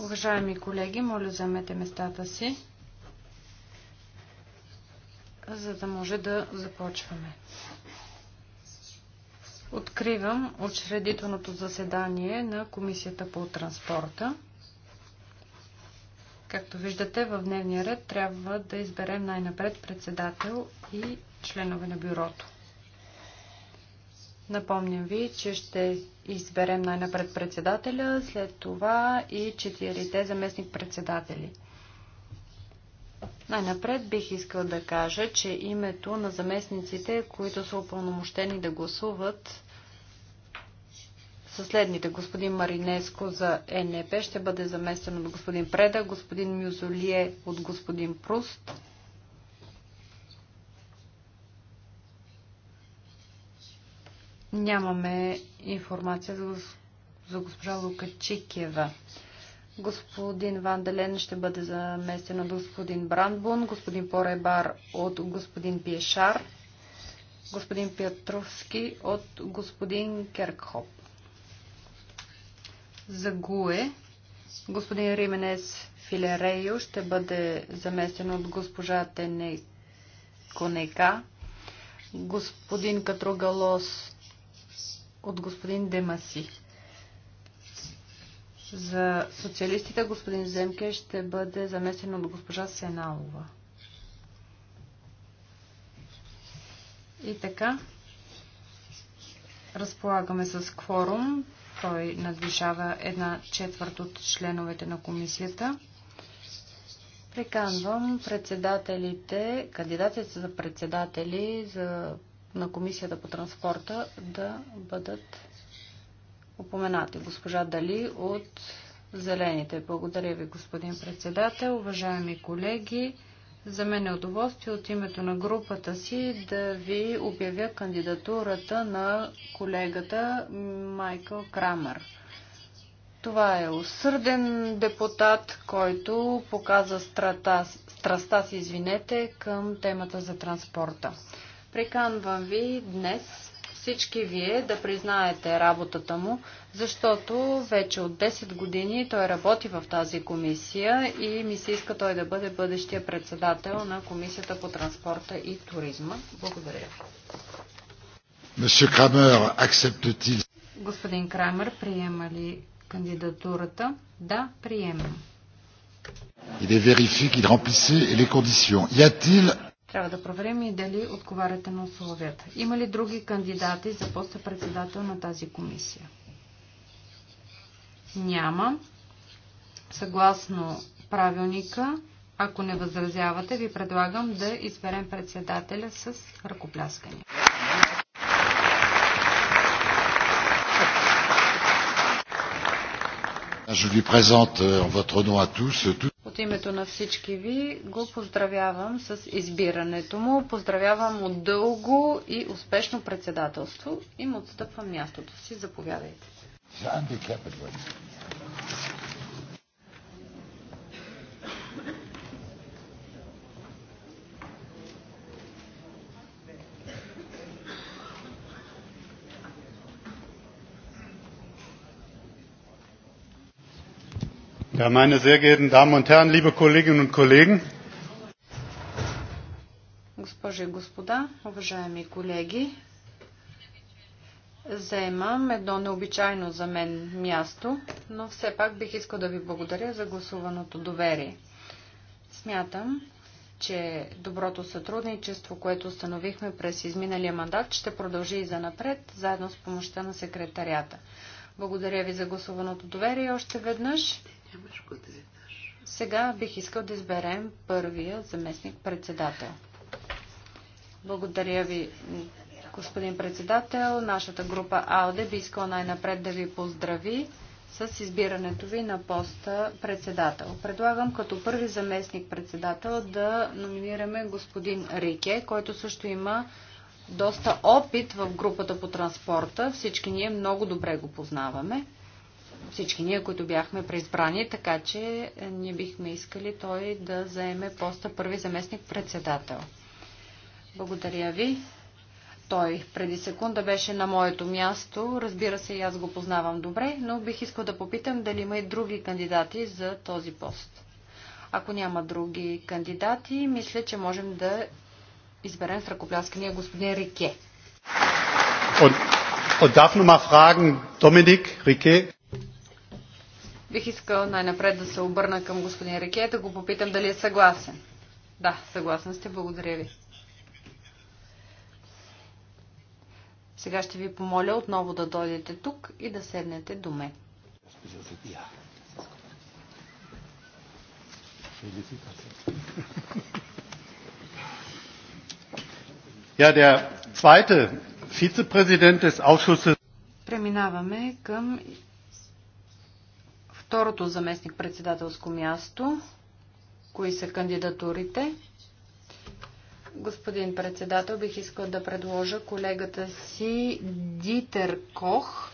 Уважаеми колеги, моля замете местата си, за да може да започваме. Откривам учредителното заседание на Комисията по транспорта. Както виждате, в дневния ред трябва да изберем най-напред председател и членове на бюрото. Напомням ви, че ще изберем най-напред председателя, след това и четирите заместник-председатели. Най-напред бих искал да кажа, че името на заместниците, които са упълномощени да гласуват, са следните. Господин Маринеско за ЕНП ще бъде заместен от господин Преда, господин Мюзолие от господин Пруст, Нямаме информация за, за госпожа Лука Чикева. Господин Ванделен ще бъде заместен от господин Брандбун, господин Поребар от господин Пиешар, господин Петровски от господин Керкхоп. За ГУЕ господин Рименес Филерейо ще бъде заместен от госпожа Тене Конека, господин Катругалос от господин Демаси. За социалистите господин Земке ще бъде заместен от госпожа Сеналова. И така, разполагаме с кворум. Той надвишава една четвърт от членовете на комисията. Приканвам председателите, кандидатите за председатели, за на Комисията по транспорта да бъдат упоменати. Госпожа Дали от Зелените. Благодаря ви, господин председател. Уважаеми колеги, за мен е удоволствие от името на групата си да ви обявя кандидатурата на колегата Майкъл Крамер. Това е усърден депутат, който показа страта, страста си, извинете, към темата за транспорта. Приканвам ви днес всички вие да признаете работата му, защото вече от 10 години той работи в тази комисия и ми се иска той да бъде бъдещия председател на Комисията по транспорта и туризма. Благодаря ви. Господин Крамер, приема ли кандидатурата? Да, приемам. Il est vérifié qu'il remplissait les conditions. Y a-t-il трябва да проверим и дали отговаряте на условията. Има ли други кандидати за поста председател на тази комисия? Няма. Съгласно правилника, ако не възразявате, ви предлагам да изберем председателя с ръкопляскане. Je lui présente en euh, votre nom à tous. От името на всички ви го поздравявам с избирането му. Поздравявам от дълго и успешно председателство и му отстъпвам мястото си. Заповядайте. Ja, meine sehr geehrten Damen und Herren, liebe Kolleginnen und Kollegen. Госпожи и господа, уважаеми колеги, заемам едно необичайно за мен място, но все пак бих искал да ви благодаря за гласуваното доверие. Смятам, че доброто сътрудничество, което установихме през изминалия мандат, ще продължи и за напред, заедно с помощта на секретарията. Благодаря ви за гласуваното доверие още веднъж. Сега бих искал да изберем първия заместник-председател. Благодаря ви, господин председател. Нашата група АОДЕ би искала най-напред да ви поздрави с избирането ви на поста председател. Предлагам като първи заместник председател да номинираме господин Рике, който също има доста опит в групата по транспорта. Всички ние много добре го познаваме всички ние, които бяхме преизбрани, така че е, ние бихме искали той да заеме поста първи заместник председател. Благодаря ви. Той преди секунда беше на моето място. Разбира се, и аз го познавам добре, но бих искал да попитам дали има и други кандидати за този пост. Ако няма други кандидати, мисля, че можем да изберем с ръкопляскания господин Рике. Und, und darf nur mal fragen, Dominik Бих искал най-напред да се обърна към господин Реке, да го попитам дали е съгласен. Да, съгласен сте, благодаря ви. Сега ще ви помоля отново да дойдете тук и да седнете до мен. Ja, der zweite Vizepräsident des Ausschusses. Преминаваме към второто заместник председателско място. Кои са кандидатурите? Господин председател, бих искал да предложа колегата си Дитер Кох.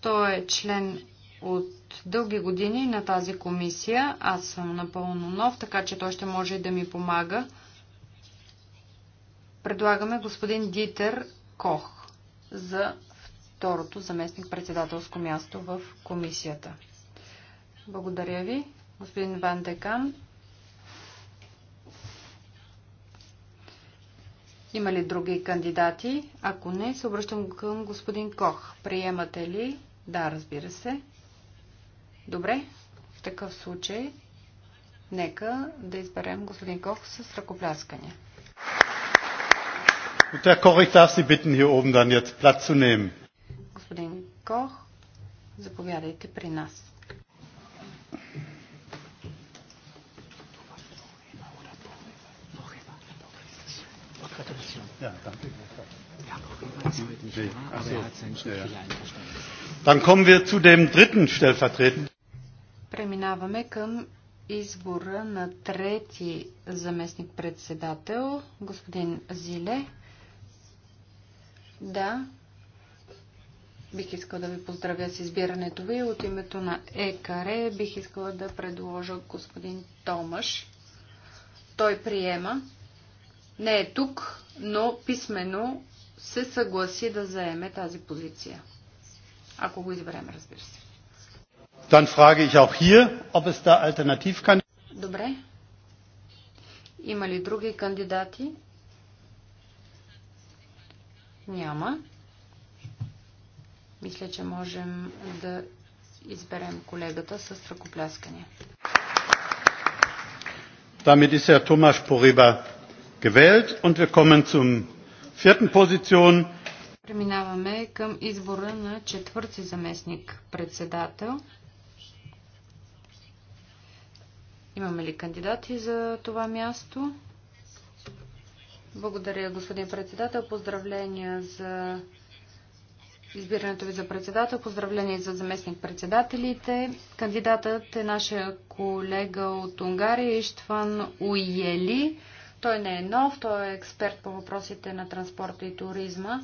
Той е член от дълги години на тази комисия. Аз съм напълно нов, така че той ще може и да ми помага. Предлагаме господин Дитер Кох за второто заместник-председателско място в комисията. Благодаря ви, господин Ван Декам. Има ли други кандидати? Ако не, се обръщам към господин Кох. Приемате ли? Да, разбира се. Добре, в такъв случай нека да изберем господин Кох с ръкопляскане. Herr Koch, ich darf Sie bitten, hier oben dann jetzt Platz zu nehmen. Кох, заповядайте при нас. Преминаваме към избора на трети заместник-председател, господин Зиле. Да, Бих искала да ви поздравя с избирането ви. От името на ЕКАРЕ бих искала да предложа господин Томаш. Той приема. Не е тук, но писменно се съгласи да заеме тази позиция. Ако го изберем, разбира се. Dann frage ich auch hier, ob es da Добре. Има ли други кандидати? Няма. Мисля, че можем да изберем колегата с ръкопляскане. Damit ist Herr Thomas Poriba gewählt und wir kommen zum vierten Position. Преминаваме към избора на четвърти заместник председател. Имаме ли кандидати за това място? Благодаря, господин председател. Поздравления за избирането ви за председател. Поздравление за заместник-председателите. Кандидатът е нашия колега от Унгария Иштван Уиели. Той не е нов, той е експерт по въпросите на транспорта и туризма.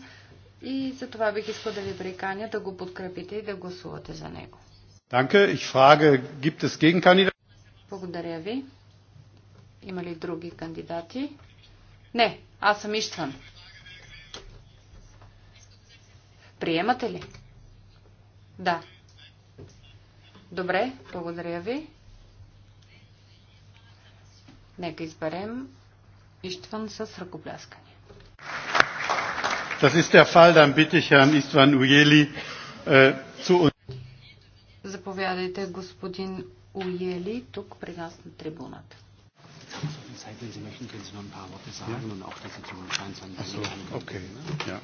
И за това бих искал да ви приканя да го подкрепите и да гласувате за него. Благодаря ви. Има ли други кандидати? Не, аз съм Иштван. Приемате ли? Да. Добре, благодаря ви. Нека изберем Иштван с ръкопляскане. Das ist der Fall, dann bitte ich Herrn Istvan Ujeli äh, zu uns. Заповядайте, господин Ujeli, тук при нас на трибуната. Zeit, wenn Sie möchten, können Sie noch ein paar Worte sagen ja? und auch die Situation scheint zu einem okay. ja.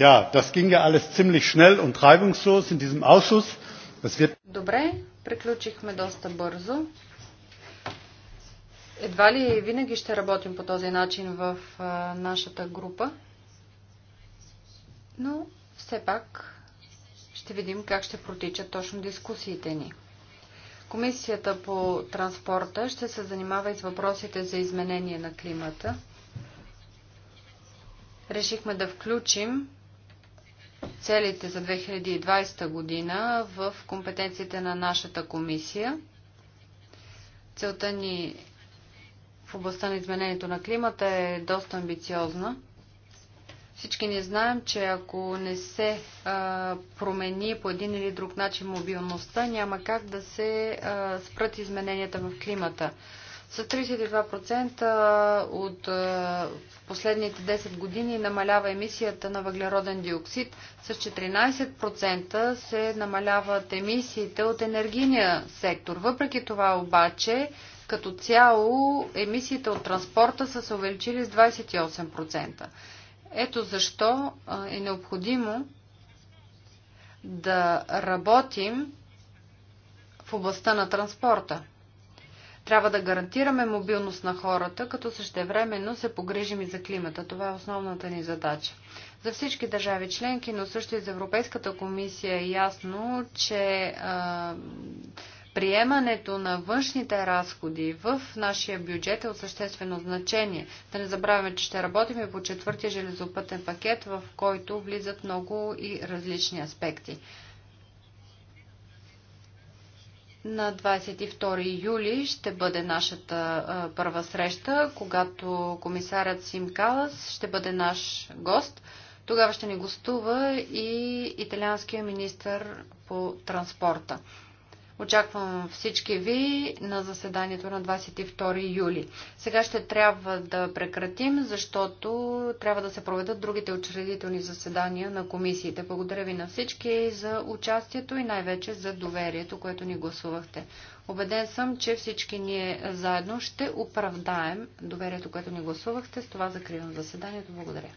Ja, das ging ja alles ziemlich schnell und reibungslos in diesem Ausschuss. Das wird Добре, приключихме доста бързо. Едва ли винаги ще работим по този начин в а, нашата група, но все пак ще видим как ще протичат точно дискусиите ни. Комисията по транспорта ще се занимава и с въпросите за изменение на климата. Решихме да включим целите за 2020 година в компетенциите на нашата комисия. Целта ни в областта на изменението на климата е доста амбициозна. Всички ни знаем, че ако не се а, промени по един или друг начин мобилността, няма как да се а, спрат измененията в климата. С 32% от последните 10 години намалява емисията на въглероден диоксид, с 14% се намаляват емисиите от енергийния сектор. Въпреки това обаче, като цяло емисиите от транспорта са се увеличили с 28%. Ето защо е необходимо да работим в областта на транспорта. Трябва да гарантираме мобилност на хората, като същевременно се погрижим и за климата. Това е основната ни задача. За всички държави членки, но също и за Европейската комисия е ясно, че а, приемането на външните разходи в нашия бюджет е от съществено значение. Да не забравяме, че ще работим и по четвъртия железопътен пакет, в който влизат много и различни аспекти. На 22 юли ще бъде нашата първа среща, когато комисарят Сим Калас ще бъде наш гост. Тогава ще ни гостува и италианския министр по транспорта. Очаквам всички ви на заседанието на 22 юли. Сега ще трябва да прекратим, защото трябва да се проведат другите учредителни заседания на комисиите. Благодаря ви на всички за участието и най-вече за доверието, което ни гласувахте. Обеден съм, че всички ние заедно ще оправдаем доверието, което ни гласувахте. С това закривам заседанието. Благодаря.